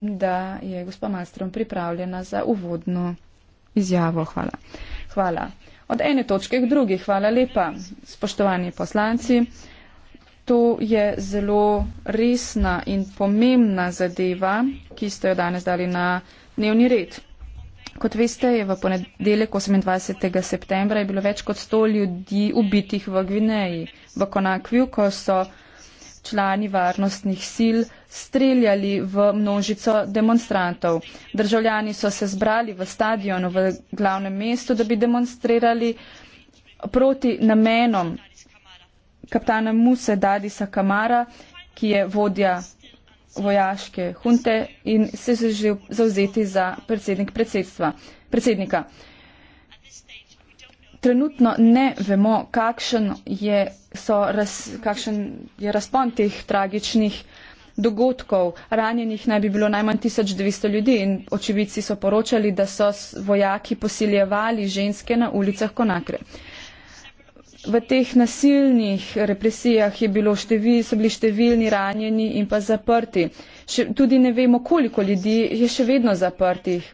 da je gospa Malstrom pripravljena za uvodno izjavo. Hvala. Hvala. Od ene točke k drugi. Hvala lepa, spoštovani poslanci. To je zelo resna in pomembna zadeva, ki ste jo danes dali na dnevni red. Kot veste, je v ponedeljek 28. septembra bilo več kot 100 ljudi ubitih v Gvineji, v Konakviju, ko so člani varnostnih sil streljali v množico demonstrantov. Državljani so se zbrali v stadionu v glavnem mestu, da bi demonstrirali proti namenom kaptana Muse Dadisa Kamara, ki je vodja vojaške hunte in se je želel zauzeti za predsednik predsedstva, predsednika trenutno ne vemo, kakšen je, so, raz, kakšen je razpon teh tragičnih dogodkov. Ranjenih naj bi bilo najmanj 1200 ljudi in očividci so poročali, da so vojaki posiljevali ženske na ulicah Konakre. V teh nasilnih represijah je bilo števil, so bili številni ranjeni in pa zaprti. Še, tudi ne vemo, koliko ljudi je še vedno zaprtih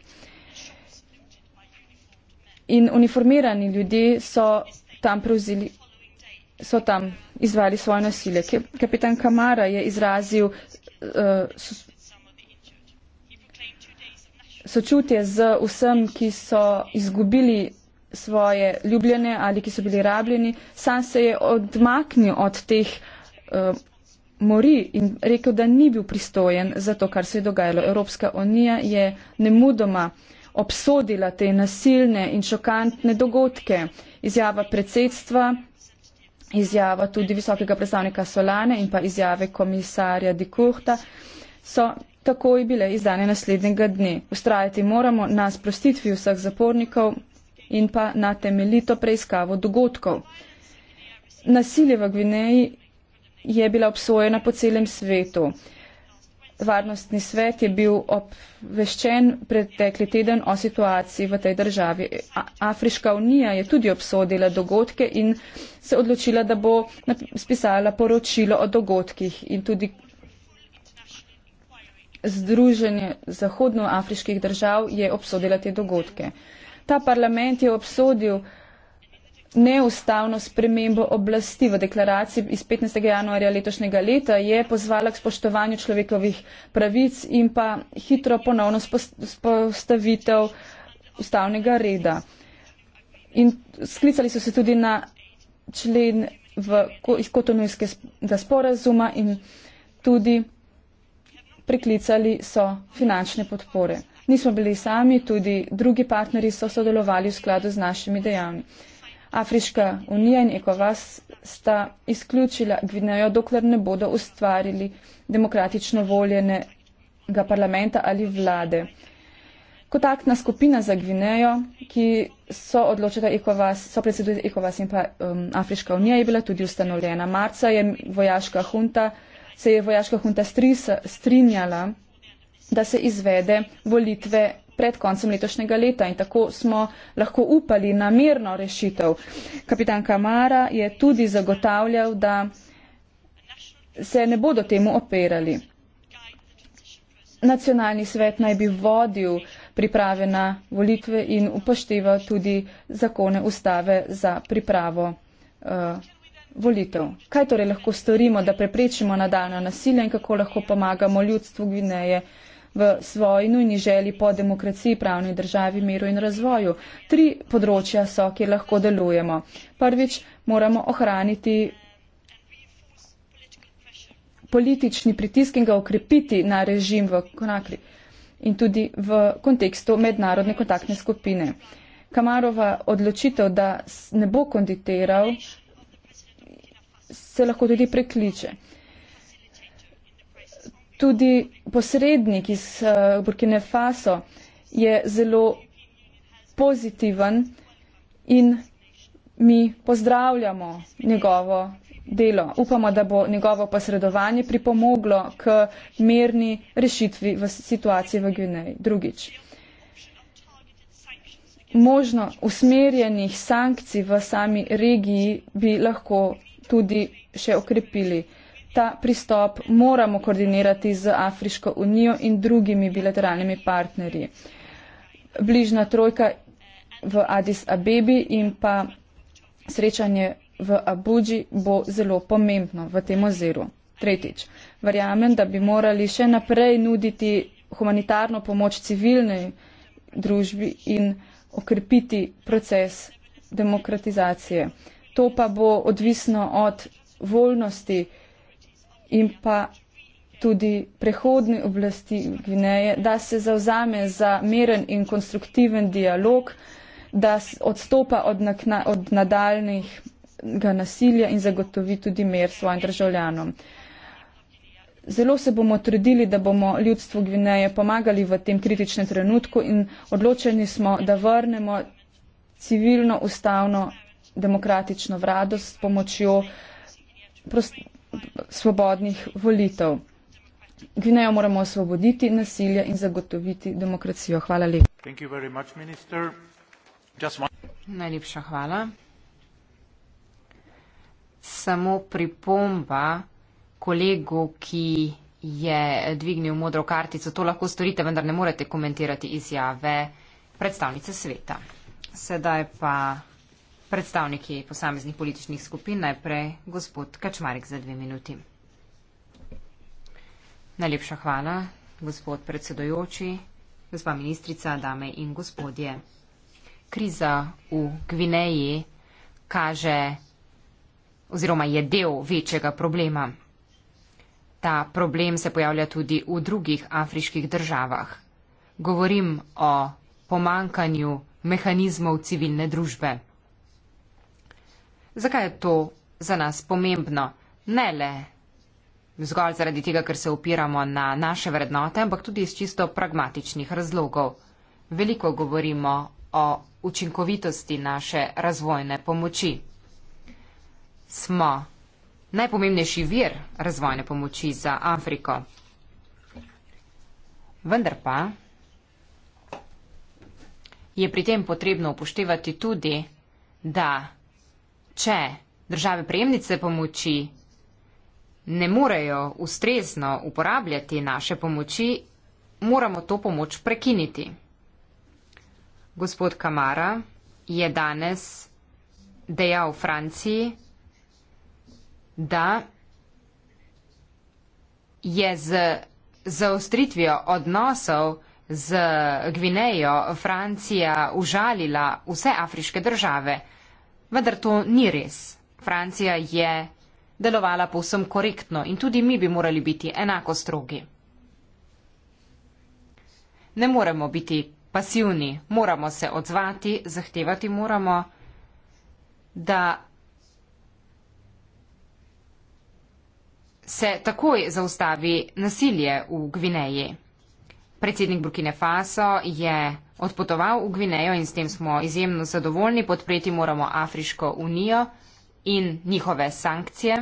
in uniformirani ljudje so tam prevzeli so tam izvali svoje nasilje. Kapitan Kamara je izrazil uh, sočutje z vsem, ki so izgubili svoje ljubljene ali ki so bili rabljeni. Sam se je odmaknil od teh uh, mori in rekel, da ni bil pristojen za to, kar se je dogajalo. Evropska unija je nemudoma uh, obsodila te nasilne in šokantne dogodke. Izjava predsedstva, izjava tudi visokega predstavnika Solane in pa izjave komisarja Dikuhta so takoj bile izdane naslednjega dne. Ustrajati moramo na sprostitvi vseh zapornikov in pa na temeljito preiskavo dogodkov. Nasilje v Gvineji je bila obsojena po celem svetu. Varnostni svet je bil obveščen pretekli teden o situaciji v tej državi. Afriška unija je tudi obsodila dogodke in se odločila, da bo spisala poročilo o dogodkih in tudi Združenje zahodnoafriških držav je obsodila te dogodke. Ta parlament je obsodil neustavno spremembo oblasti. V deklaraciji iz 15. januarja letošnjega leta je pozvala k spoštovanju človekovih pravic in pa hitro ponovno spostavitev ustavnega reda. In sklicali so se tudi na člen v, iz kotonujskega sporazuma in tudi priklicali so finančne podpore. Nismo bili sami, tudi drugi partneri so sodelovali v skladu z našimi dejavnostmi. Afriška unija in ECOWAS sta izključila Gvinejo, dokler ne bodo ustvarili demokratično voljenega parlamenta ali vlade. Kot aktna skupina za Gvinejo, ki so odločila ECOWAS, so predsedujoči ECOWAS in pa um, Afriška unija, je bila tudi ustanovljena. Marca je vojaška hunta, se je vojaška hunta strisa, strinjala, da se izvede volitve pred koncem letošnjega leta in tako smo lahko upali na mirno rešitev. Kapitan Kamara je tudi zagotavljal, da se ne bodo temu operali. Nacionalni svet naj bi vodil priprave na volitve in upošteval tudi zakone ustave za pripravo uh, volitev. Kaj torej lahko storimo, da preprečimo nadaljno nasilje in kako lahko pomagamo ljudstvu Gvineje? Uh, v svoji nujni želi po demokraciji, pravni državi, miru in razvoju. Tri področja so, kjer lahko delujemo. Prvič moramo ohraniti politični pritisk in ga okrepiti na režim v Konakri in tudi v kontekstu mednarodne kontaktne skupine. Kamarova odločitev, da ne bo konditeral, se lahko tudi prekliče. Tudi posrednik iz eh, Burkine Faso je zelo pozitiven in mi pozdravljamo njegovo delo. Upamo, da bo njegovo posredovanje pripomoglo k mirni rešitvi v situaciji v Gvineji. Drugič, možno usmerjenih sankcij v sami regiji bi lahko tudi še okrepili. Uh, ta pristop moramo koordinirati z Afriško unijo in drugimi bilateralnimi partnerji. Bližna trojka v Addis Abebi in pa srečanje v Abuji bo zelo pomembno v tem oziru. Tretjič, verjamem, da bi morali še naprej nuditi humanitarno pomoč civilnej družbi in okrepiti proces demokratizacije. To pa bo odvisno od voljnosti, in pa tudi prehodni oblasti Gvineje, da se zauzame za meren in konstruktiven dialog, da odstopa od, nakna, od nadaljnih nasilja in zagotovi tudi mer svojim državljanom. Zelo se bomo trudili, da bomo ljudstvu Gvineje pomagali v tem kritičnem trenutku in odločeni smo, da vrnemo civilno, ustavno, demokratično vladost s pomočjo prost, svobodnih volitev. Gvinejo moramo osvoboditi nasilja in zagotoviti demokracijo. Hvala lepa. Much, one... Najlepša hvala. Samo pripomba kolegu, ki je dvignil modro kartico, to lahko storite, vendar ne morete komentirati izjave predstavnice sveta. Sedaj pa predstavniki posameznih političnih skupin. Najprej gospod Kačmarik za dve minuti. Najlepša hvala, gospod predsedojoči, gospa ministrica, dame in gospodje. Kriza v Gvineji kaže oziroma je del večjega problema. Ta problem se pojavlja tudi v drugih afriških državah. Govorim o pomankanju mehanizmov civilne družbe zakaj je to za nas pomembno. Ne le zgolj zaradi tega, ker se upiramo na naše vrednote, ampak tudi iz čisto pragmatičnih razlogov. Veliko govorimo o učinkovitosti naše razvojne pomoči. Smo najpomembnejši vir razvojne pomoči za Afriko. Vendar pa je pri tem potrebno upoštevati tudi, da če države prejemnice pomoči ne morejo ustrezno uporabljati naše pomoči, moramo to pomoč prekiniti. Gospod Kamara je danes dejal Franciji, da je z zaostritvijo odnosov z Gvinejo Francija užalila vse afriške države. Vendar to ni res. Francija je delovala povsem korektno in tudi mi bi morali biti enako strogi. Ne moremo biti pasivni, moramo se odzvati, zahtevati moramo, da se takoj zaustavi nasilje v Gvineji. Predsednik Burkine Faso je odpotoval v Gvinejo in s tem smo izjemno zadovoljni. Podpreti moramo Afriško unijo in njihove sankcije.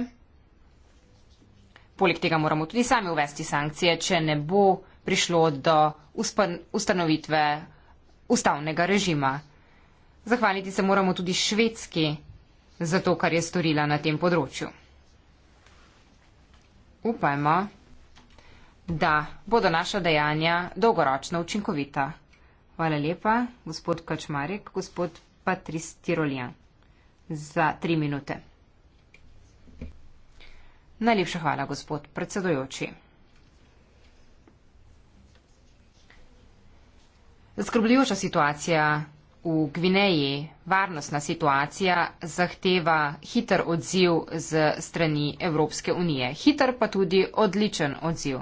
Poleg tega moramo tudi sami uvesti sankcije, če ne bo prišlo do ustanovitve ustavnega režima. Zahvaliti se moramo tudi švedski za to, kar je storila na tem področju. Upajmo, da bodo naša dejanja dolgoročno učinkovita. Hvala lepa, gospod Kačmarik, gospod Patris Tirolijan, za tri minute. Najlepša hvala, gospod predsedojoči. Zaskrbljujoča situacija v Gvineji, varnostna situacija zahteva hiter odziv z strani Evropske unije. Hiter pa tudi odličen odziv.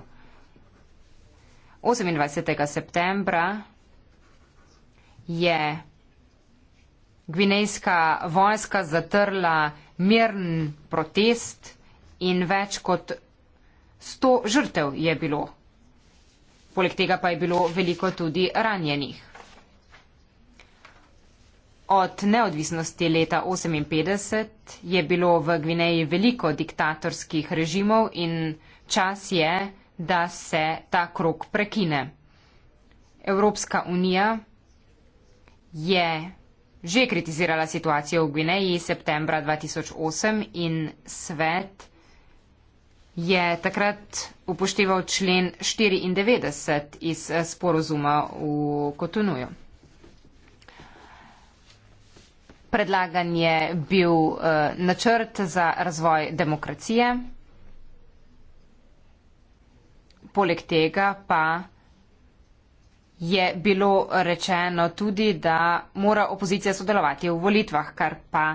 28. septembra je gvinejska vojska zatrla mirn protest in več kot 100 žrtev je bilo. Poleg tega pa je bilo veliko tudi ranjenih. Od neodvisnosti leta 1958 je bilo v Gvineji veliko diktatorskih režimov in čas je, da se ta krok prekine. Evropska unija je že kritizirala situacijo v Gvineji septembra 2008 in svet je takrat upošteval člen 94 iz eh, sporozuma v Kotonuju. Predlagan je bil eh, načrt za razvoj demokracije poleg tega pa je bilo rečeno tudi, da mora opozicija sodelovati v volitvah, kar pa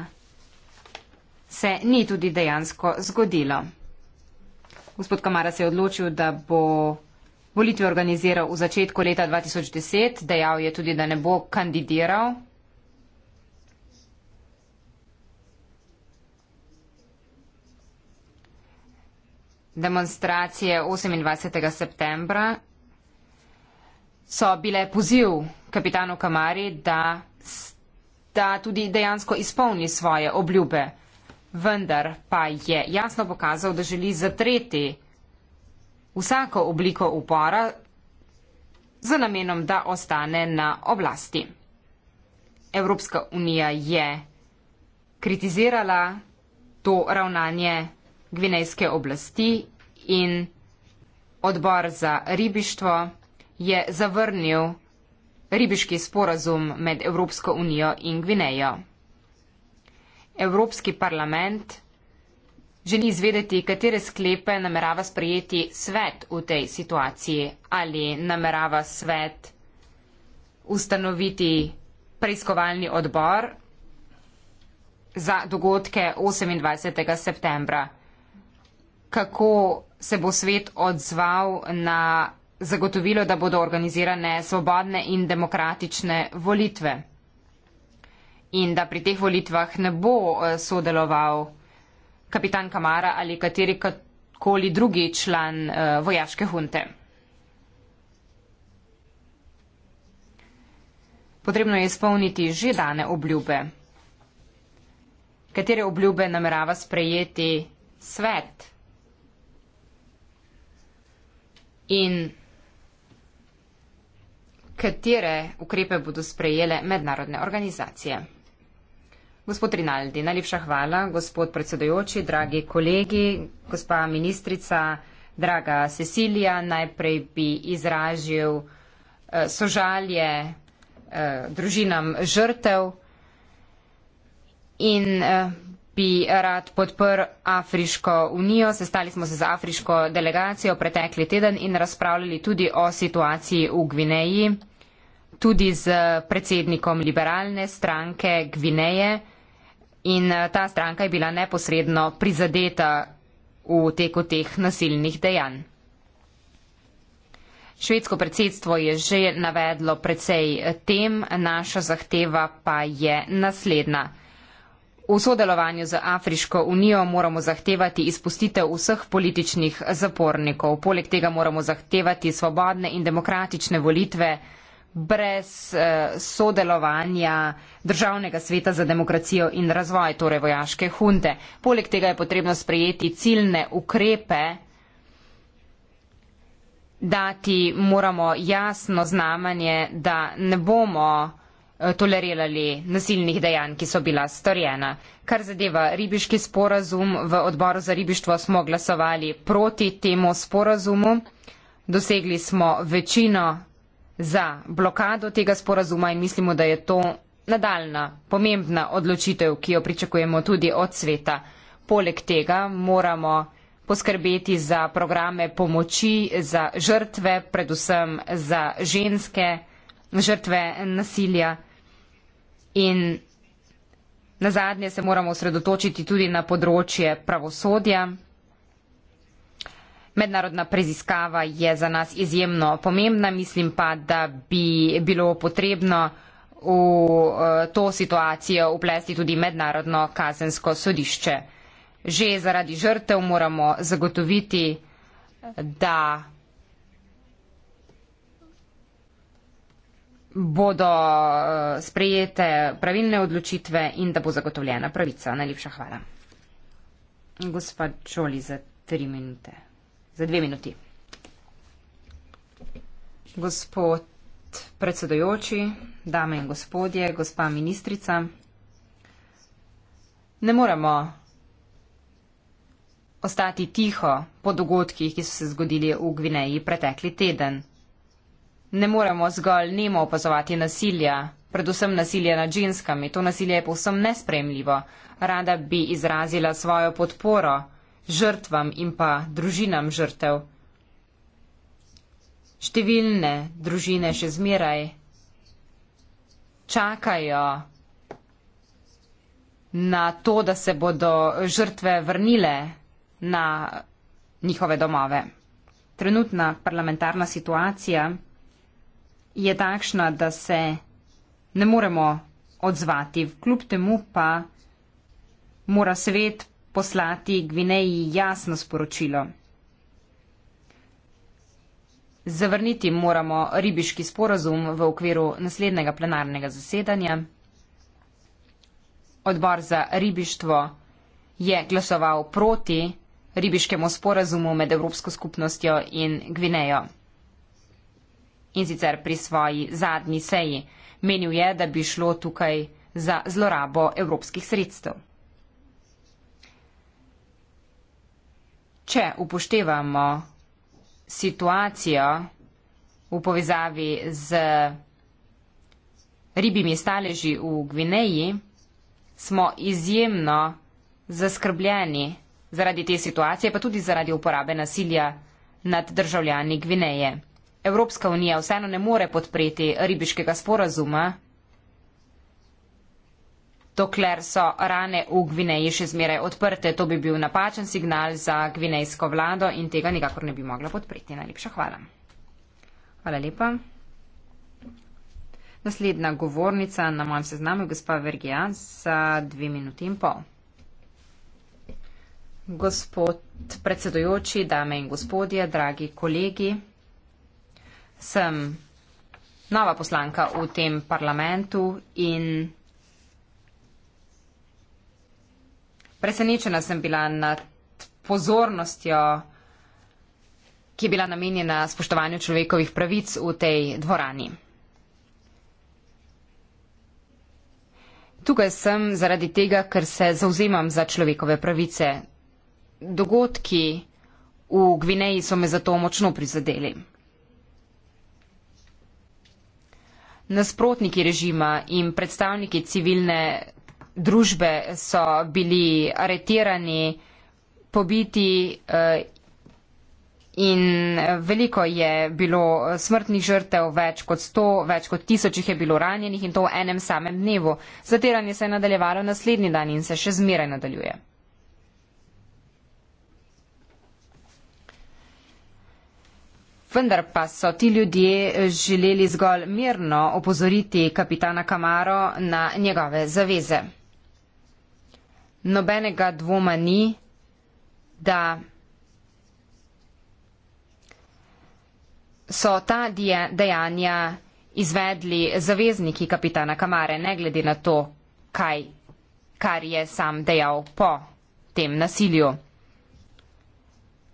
se ni tudi dejansko zgodilo. Gospod Kamara se je odločil, da bo volitve organiziral v začetku leta 2010, dejal je tudi, da ne bo kandidiral demonstracije 28. septembra so bile poziv kapitanu Kamari, da, da tudi dejansko izpolni svoje obljube. Vendar pa je jasno pokazal, da želi zatreti vsako obliko upora za namenom, da ostane na oblasti. Evropska unija je kritizirala to ravnanje gvinejske oblasti in odbor za ribištvo je zavrnil ribiški sporazum med Evropsko unijo in Gvinejo. Evropski parlament želi izvedeti, katere sklepe namerava sprejeti svet v tej situaciji ali namerava svet ustanoviti preiskovalni odbor za dogodke 28. septembra kako se bo svet odzval na zagotovilo, da bodo organizirane svobodne in demokratične volitve in da pri teh volitvah ne bo eh, sodeloval kapitan Kamara ali kateri koli drugi član eh, vojaške hunte. Potrebno je izpolniti že dane obljube. Katere obljube namerava sprejeti svet? in katere ukrepe bodo sprejele mednarodne organizacije. Gospod Rinaldi, najlepša hvala, gospod predsedojoči, dragi kolegi, gospa ministrica, draga Cecilija, najprej bi izražil eh, sožalje eh, družinam žrtev in eh, bi rad podprl Afriško unijo. Sestali smo se z afriško delegacijo pretekli teden in razpravljali tudi o situaciji v Gvineji, tudi z predsednikom liberalne stranke Gvineje. In eh, ta stranka je bila neposredno prizadeta v teku teh nasilnih dejanj. Švedsko predsedstvo je že navedlo precej tem, naša zahteva pa je naslednja. V sodelovanju z Afriško unijo moramo zahtevati izpustitev vseh političnih zapornikov. Poleg tega moramo zahtevati svobodne in demokratične volitve brez eh, sodelovanja Državnega sveta za demokracijo in razvoj, torej vojaške hunde. Poleg tega je potrebno sprejeti ciljne ukrepe, dati moramo jasno znamanje, da ne bomo Eh, tolerirali nasilnih dejanj, ki so bila storjena. Kar zadeva ribiški sporazum, v odboru za ribištvo smo glasovali proti temu sporazumu. Dosegli smo večino za blokado tega sporazuma in mislimo, da je to nadaljna pomembna odločitev, ki jo pričakujemo tudi od sveta. Poleg tega moramo poskrbeti za programe pomoči za žrtve, predvsem za ženske žrtve nasilja. In na zadnje se moramo osredotočiti tudi na področje pravosodja. Mednarodna preziskava je za nas izjemno pomembna, mislim pa, da bi bilo potrebno v eh, to situacijo uplesti tudi mednarodno kazensko sodišče. Že zaradi žrtev moramo zagotoviti, da bodo eh, sprejete pravilne odločitve in da bo zagotovljena pravica. Najlepša hvala. Gospa Čoli za tri minute. Za dve minuti. Gospod predsedojoči, dame in gospodje, gospa ministrica, ne moremo ostati tiho po dogodkih, ki so se zgodili v Gvineji pretekli teden. Ne moremo zgolj nemo opazovati nasilja, predvsem nasilje nad ženskami. To nasilje je povsem nespremljivo. Rada bi izrazila svojo podporo žrtvam in pa družinam žrtev. Številne družine še zmeraj čakajo na to, da se bodo žrtve vrnile na njihove domove. Trenutna parlamentarna situacija je takšna, da se ne moremo odzvati. Kljub temu pa mora svet poslati Gvineji jasno sporočilo. Zavrniti moramo ribiški sporazum v okviru naslednjega plenarnega zasedanja. Odbor za ribištvo je glasoval proti ribiškemu sporazumu med Evropsko skupnostjo in Gvinejo in sicer pri svoji zadnji seji. Menil je, da bi šlo tukaj za zlorabo evropskih sredstev. Če upoštevamo situacijo v povezavi z ribimi staleži v Gvineji, smo izjemno zaskrbljeni zaradi te situacije, pa tudi zaradi uporabe nasilja nad državljani Gvineje. Evropska unija vseeno ne more podpreti ribiškega sporazuma, dokler so rane v Gvineji še zmeraj odprte. To bi bil napačen signal za gvinejsko vlado in tega nikakor ne bi mogla podpreti. Najlepša hvala. Hvala lepa. Naslednja govornica na mojem seznamu je gospa Vergija za dve minuti in pol. Gospod predsedojoči, dame in gospodje, dragi kolegi sem nova poslanka v tem parlamentu in presenečena sem bila nad pozornostjo, ki je bila namenjena spoštovanju človekovih pravic v tej dvorani. Tukaj sem zaradi tega, ker se zauzemam za človekove pravice. Dogodki v Gvineji so me zato močno prizadeli. nasprotniki režima in predstavniki civilne družbe so bili aretirani, pobiti eh, in veliko je bilo smrtnih žrtev, več kot sto, več kot tisoč jih je bilo ranjenih in to v enem samem dnevu. Zatiranje se je nadaljevalo naslednji dan in se še zmeraj nadaljuje. Vendar pa so ti ljudje želeli zgolj mirno opozoriti kapitana Kamaro na njegove zaveze. Nobenega dvoma ni, da so ta dejanja izvedli zavezniki kapitana Kamare, ne glede na to, kaj, kar je sam dejal po tem nasilju.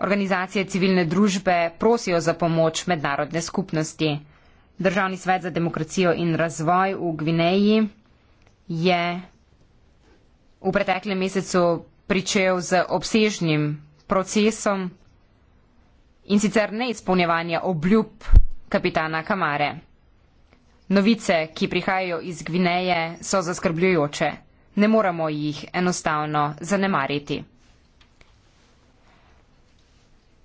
Organizacije civilne družbe prosijo za pomoč mednarodne skupnosti. Državni svet za demokracijo in razvoj v Gvineji je v preteklem mesecu pričel z obsežnim procesom in sicer neizpolnjevanja obljub kapitana Kamare. Novice, ki prihajajo iz Gvineje, so zaskrbljujoče. Ne moramo jih enostavno zanemariti.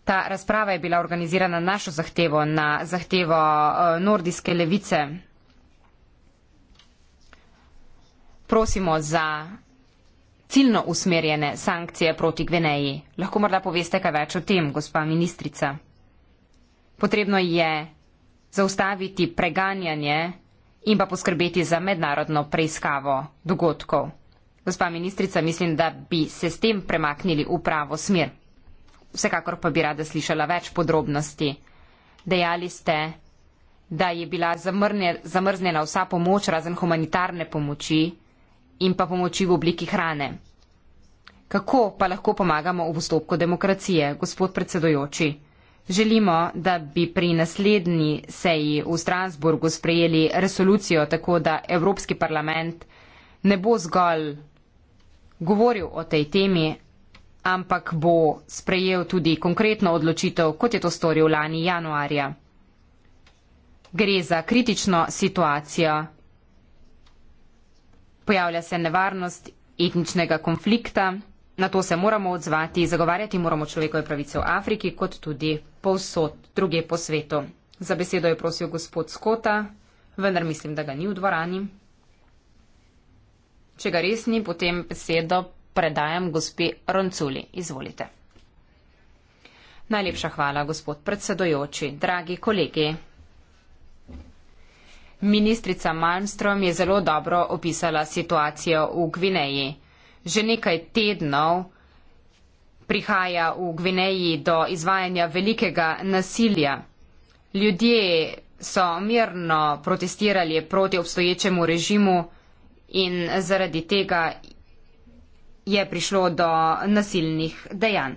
Ta razprava je bila organizirana na našo zahtevo, na zahtevo eh, nordijske levice. Prosimo za ciljno usmerjene sankcije proti Gveneji. Lahko morda poveste kaj več o tem, gospa ministrica. Potrebno je zaustaviti preganjanje in pa poskrbeti za mednarodno preiskavo dogodkov. Gospa ministrica, mislim, da bi se s tem premaknili v pravo smer vsekakor pa bi rada slišala več podrobnosti. Dejali ste, da je bila zamrznjena vsa pomoč razen humanitarne pomoči in pa pomoči v obliki hrane. Kako pa lahko pomagamo v vstopku demokracije, gospod predsedojoči? Želimo, da bi pri naslednji seji v Strasburgu sprejeli resolucijo, tako da Evropski parlament ne bo zgolj govoril o tej temi, ampak bo sprejel tudi konkretno odločitev, kot je to storil lani januarja. Gre za kritično situacijo. Pojavlja se nevarnost etničnega konflikta. Na to se moramo odzvati. Zagovarjati moramo človekove pravice v Afriki, kot tudi povsod druge po svetu. Za besedo je prosil gospod Skota, vendar mislim, da ga ni v dvorani. Če ga res ni, potem besedo predajam gospe Ronculi. Izvolite. Najlepša hvala, gospod predsedojoči. Dragi kolegi. Ministrica Malmström je zelo dobro opisala situacijo v Gvineji. Že nekaj tednov prihaja v Gvineji do izvajanja velikega nasilja. Ljudje so mirno protestirali proti obstoječemu režimu in zaradi tega je prišlo do nasilnih dejanj.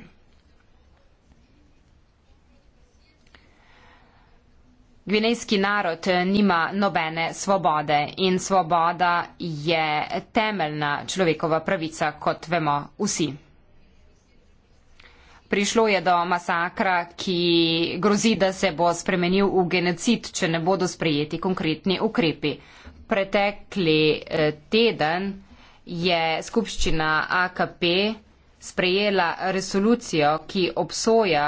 Gvinejski narod nima nobene svobode in svoboda je temeljna človekova pravica, kot vemo vsi. Prišlo je do masakra, ki grozi, da se bo spremenil v genocid, če ne bodo sprejeti konkretni ukrepi. Pretekli eh, teden je skupščina AKP sprejela resolucijo, ki obsoja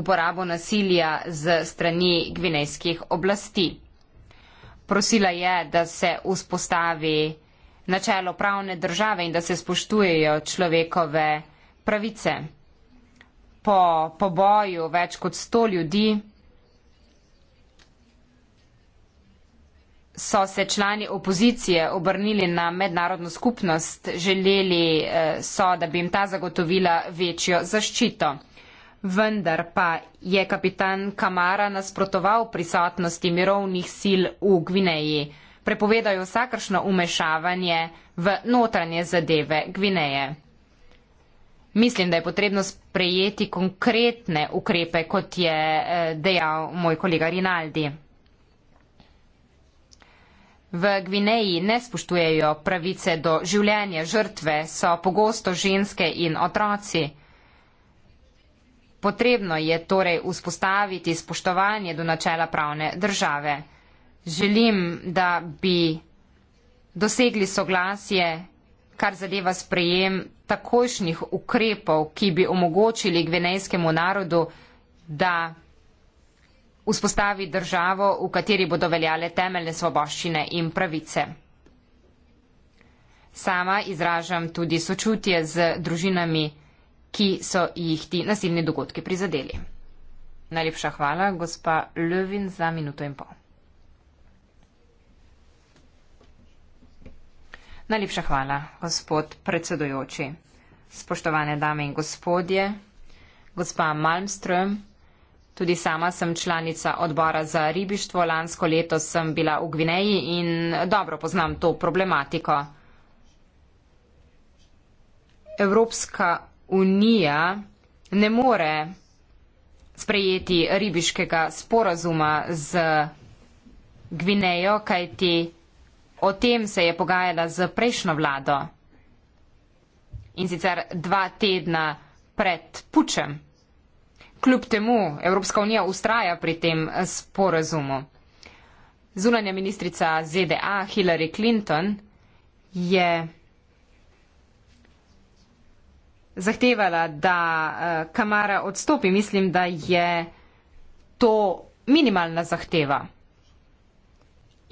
uporabo nasilja z strani gvinejskih oblasti. Prosila je, da se vzpostavi načelo pravne države in da se spoštujejo človekove pravice. Po poboju več kot sto ljudi so se člani opozicije obrnili na mednarodno skupnost, želeli eh, so, da bi jim ta zagotovila večjo zaščito. Vendar pa je kapitan Kamara nasprotoval prisotnosti mirovnih sil v Gvineji. Prepovedajo vsakršno umešavanje v notranje zadeve Gvineje. Mislim, da je potrebno sprejeti konkretne ukrepe, kot je eh, dejal moj kolega Rinaldi. V Gvineji ne spoštujejo pravice do življenja žrtve, so pogosto ženske in otroci. Potrebno je torej vzpostaviti spoštovanje do načela pravne države. Želim, da bi dosegli soglasje, kar zadeva sprejem takošnih ukrepov, ki bi omogočili gvenejskemu narodu, da vzpostavi državo, v kateri bodo veljale temeljne svoboščine in pravice. Sama izražam tudi sočutje z družinami, ki so jih ti nasilni dogodki prizadeli. Najlepša hvala, gospa Lövin, za minuto in pol. Najlepša hvala, gospod predsedojoči. Spoštovane dame in gospodje, gospa Malmström. Tudi sama sem članica odbora za ribištvo, lansko leto sem bila v Gvineji in dobro poznam to problematiko. Evropska unija ne more sprejeti ribiškega sporazuma z Gvinejo, kajti o tem se je pogajala z prejšnjo vlado in sicer dva tedna pred pučem kljub temu Evropska unija ustraja pri tem sporazumu. Zunanja ministrica ZDA Hillary Clinton je zahtevala, da eh, Kamara odstopi. Mislim, da je to minimalna zahteva.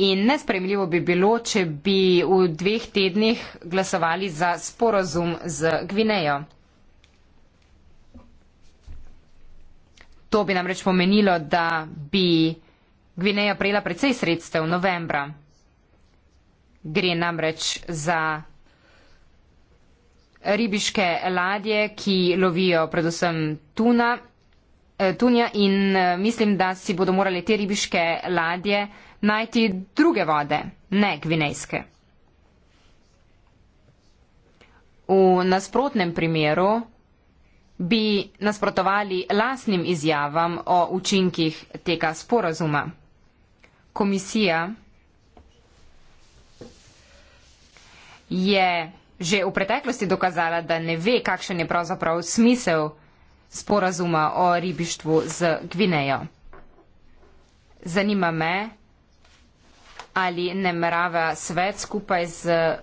In nespremljivo bi bilo, če bi v dveh tednih glasovali za sporazum z Gvinejo. To bi namreč pomenilo, da bi Gvineja prejela precej sredstev novembra. Gre namreč za ribiške ladje, ki lovijo predvsem tuna, eh, tunja in eh, mislim, da si bodo morali te ribiške ladje najti druge vode, ne gvinejske. V nasprotnem primeru bi nasprotovali lasnim izjavam o učinkih tega sporazuma. Komisija je že v preteklosti dokazala, da ne ve, kakšen je pravzaprav smisel sporazuma o ribištvu z Gvinejo. Zanima me, ali ne merava svet skupaj z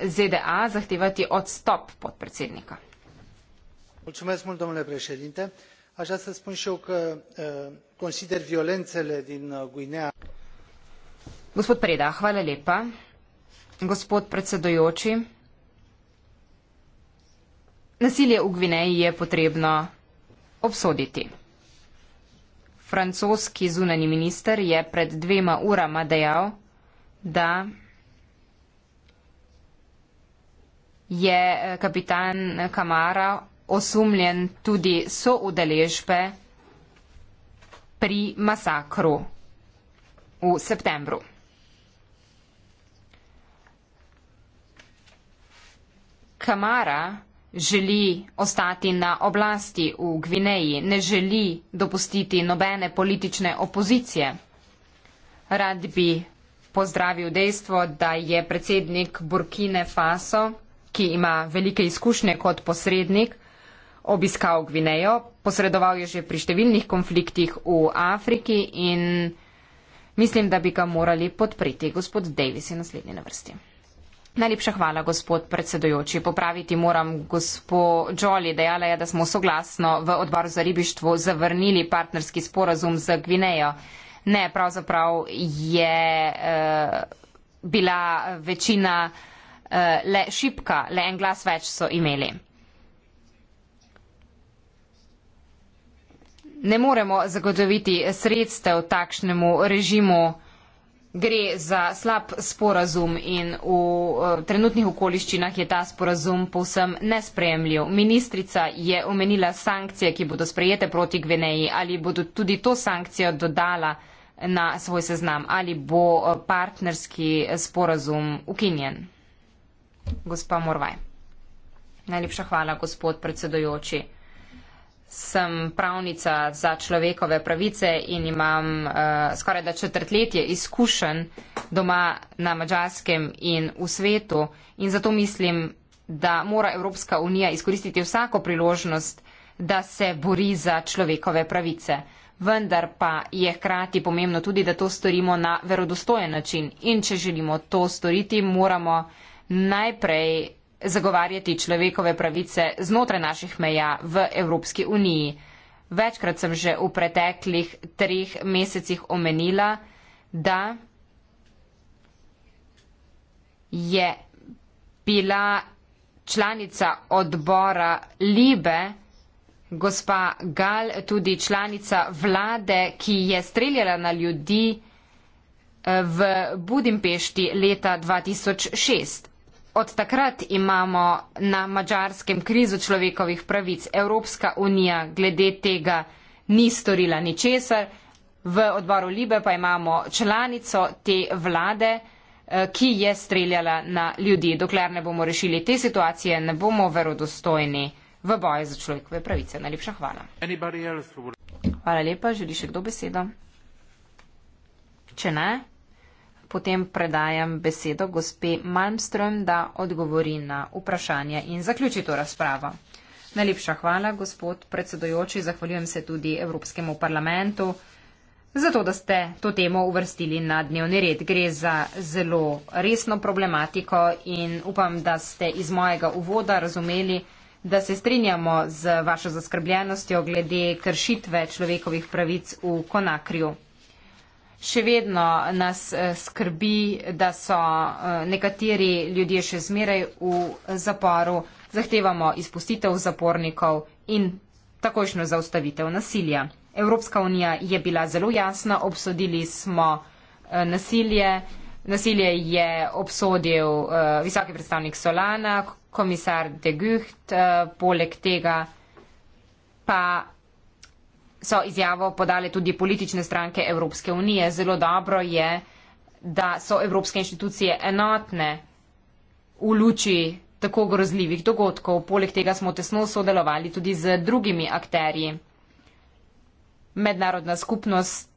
ZDA zahtevati odstop podpredsednika a vrea să spun i eu că e, consider violenele din uh, guineea. gospod preda hvala lepa gospod predsedujoči nasilje v gvineji je potrebno obsoditi francoski zunani minister je pred dvema urama dejal da je e, kapitan kamara osumljen tudi soudeležbe pri masakru v septembru. Kamara želi ostati na oblasti v Gvineji, ne želi dopustiti nobene politične opozicije. Rad bi pozdravil dejstvo, da je predsednik Burkine Faso, ki ima velike izkušnje kot posrednik, obiskal Gvinejo, posredoval je že pri številnih konfliktih v Afriki in mislim, da bi ga morali podpreti. Gospod Davis je naslednji na vrsti. Najlepša hvala, gospod predsedojoči. Popraviti moram gospod Jolly. Dejala je, da smo soglasno v odboru za ribištvo zavrnili partnerski sporazum z Gvinejo. Ne, pravzaprav je eh, bila večina eh, le šipka, le en glas več so imeli. ne moremo zagotoviti sredstev takšnemu režimu. Gre za slab sporazum in v eh, trenutnih okoliščinah je ta sporazum povsem nespremljiv. Ministrica je omenila sankcije, ki bodo sprejete proti Gveneji. Ali bodo tudi to sankcijo dodala na svoj seznam? Ali bo eh, partnerski sporazum ukinjen? Gospa Morvaj. Najlepša hvala, gospod predsedojoči sem pravnica za človekove pravice in imam uh, eh, skoraj da četrtletje izkušen doma na mačarskem in v svetu. In zato mislim, da mora Evropska unija izkoristiti vsako priložnost, da se bori za človekove pravice. Vendar pa je hkrati pomembno tudi, da to storimo na verodostojen način. In če želimo to storiti, moramo najprej zagovarjati človekove pravice znotraj naših meja v Evropski uniji. Večkrat sem že v preteklih treh mesecih omenila, da je bila članica odbora Libe, gospa Gal, tudi članica vlade, ki je streljala na ljudi eh, v Budimpešti leta 2006. Od takrat imamo na mačarskem krizo človekovih pravic. Evropska unija glede tega ni storila ničesar. V odboru Libe pa imamo članico te vlade, eh, ki je streljala na ljudi. Dokler ne bomo rešili te situacije, ne bomo verodostojni v boju za človekove pravice. Najlepša hvala. Hvala lepa. Želi še kdo besedo? Če ne potem predajam besedo gospe Malmström, da odgovori na vprašanje in zaključi to razpravo. Najlepša hvala, gospod predsedojoči. Zahvaljujem se tudi Evropskemu parlamentu za to, da ste to temo uvrstili na dnevni red. Gre za zelo resno problematiko in upam, da ste iz mojega uvoda razumeli, da se strinjamo z vašo zaskrbljenostjo glede kršitve človekovih pravic v Konakriju. Še vedno nas eh, skrbi, da so eh, nekateri ljudje še zmeraj v zaporu. Zahtevamo izpustitev zapornikov in takošno zaustavitev nasilja. Evropska unija je bila zelo jasna, obsodili smo eh, nasilje. Nasilje je obsodil visoki predstavnik Solana, komisar de Gucht, poleg tega pa so izjavo podale tudi politične stranke Evropske unije. Zelo dobro je, da so evropske inštitucije enotne v luči tako grozljivih dogodkov. Poleg tega smo tesno sodelovali tudi z drugimi akterji. Mednarodna skupnost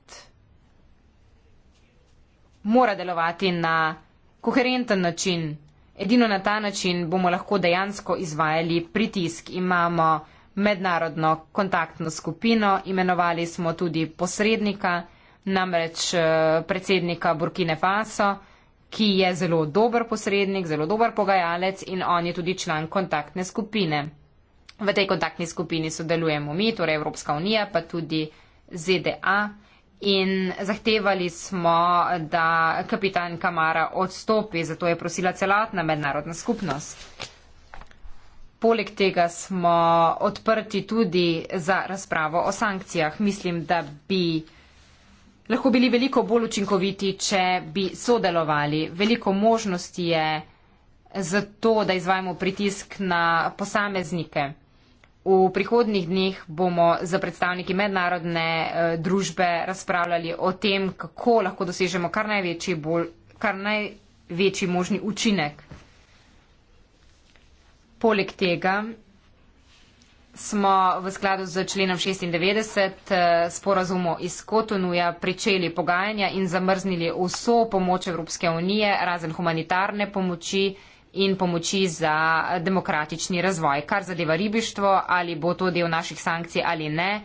mora delovati na koherenten način. Edino na ta način bomo lahko dejansko izvajali pritisk. Imamo mednarodno kontaktno skupino, imenovali smo tudi posrednika, namreč eh, predsednika Burkine Faso, ki je zelo dober posrednik, zelo dober pogajalec in on je tudi član kontaktne skupine. V tej kontaktni skupini sodelujemo mi, torej Evropska unija, pa tudi ZDA in zahtevali smo, da kapitan Kamara odstopi, zato je prosila celotna mednarodna skupnost. Poleg tega smo odprti tudi za razpravo o sankcijah. Mislim, da bi lahko bili veliko bolj učinkoviti, če bi sodelovali. Veliko možnosti je za to, da izvajamo pritisk na posameznike. V prihodnih dneh bomo z predstavniki mednarodne eh, družbe razpravljali o tem, kako lahko dosežemo kar največji, bolj, kar največji možni učinek. Poleg tega smo v skladu z členom 96 eh, sporazumu iz Kotonuja pričeli pogajanja in zamrznili vso pomoč Evropske unije, razen humanitarne pomoči in pomoči za demokratični razvoj. Kar zadeva ribištvo, ali bo to del naših sankcij ali ne,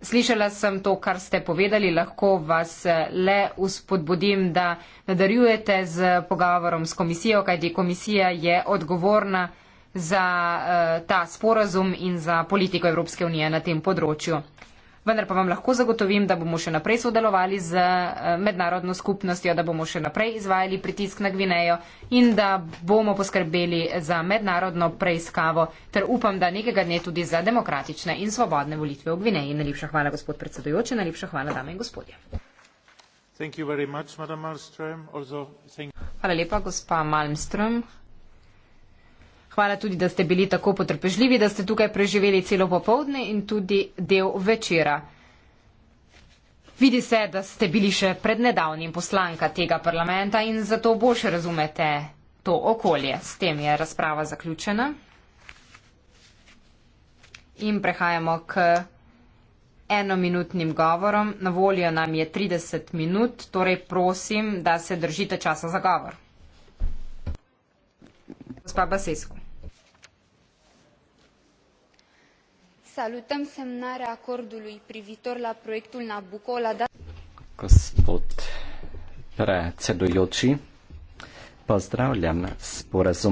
slišala sem to, kar ste povedali, lahko vas eh, le uspodbudim, da nadarjujete z pogovorom s komisijo, kajti komisija je odgovorna za eh, ta sporazum in za politiko Evropske unije na tem področju. Vendar pa vam lahko zagotovim, da bomo še naprej sodelovali z eh, mednarodno skupnostjo, da bomo še naprej izvajali pritisk na Gvinejo in da bomo poskrbeli za mednarodno preiskavo ter upam, da nekega dne tudi za demokratične in svobodne volitve v Gvineji. Najlepša hvala, gospod predsedujoči, najlepša hvala, dame in gospodje. Much, also, thank... Hvala lepa, gospa Malmström. Hvala tudi, da ste bili tako potrpežljivi, da ste tukaj preživeli celo popovdne in tudi del večera. Vidi se, da ste bili še prednedavnim poslanka tega parlamenta in zato boljše razumete to okolje. S tem je razprava zaključena. In prehajamo k enominutnim govorom. Na voljo nam je 30 minut, torej prosim, da se držite časa za govor. Gospa Basesko. salutăm semnarea acordului privitor la proiectul Nabucco la dat... Gospod predsedujoči, pozdravljam sporazum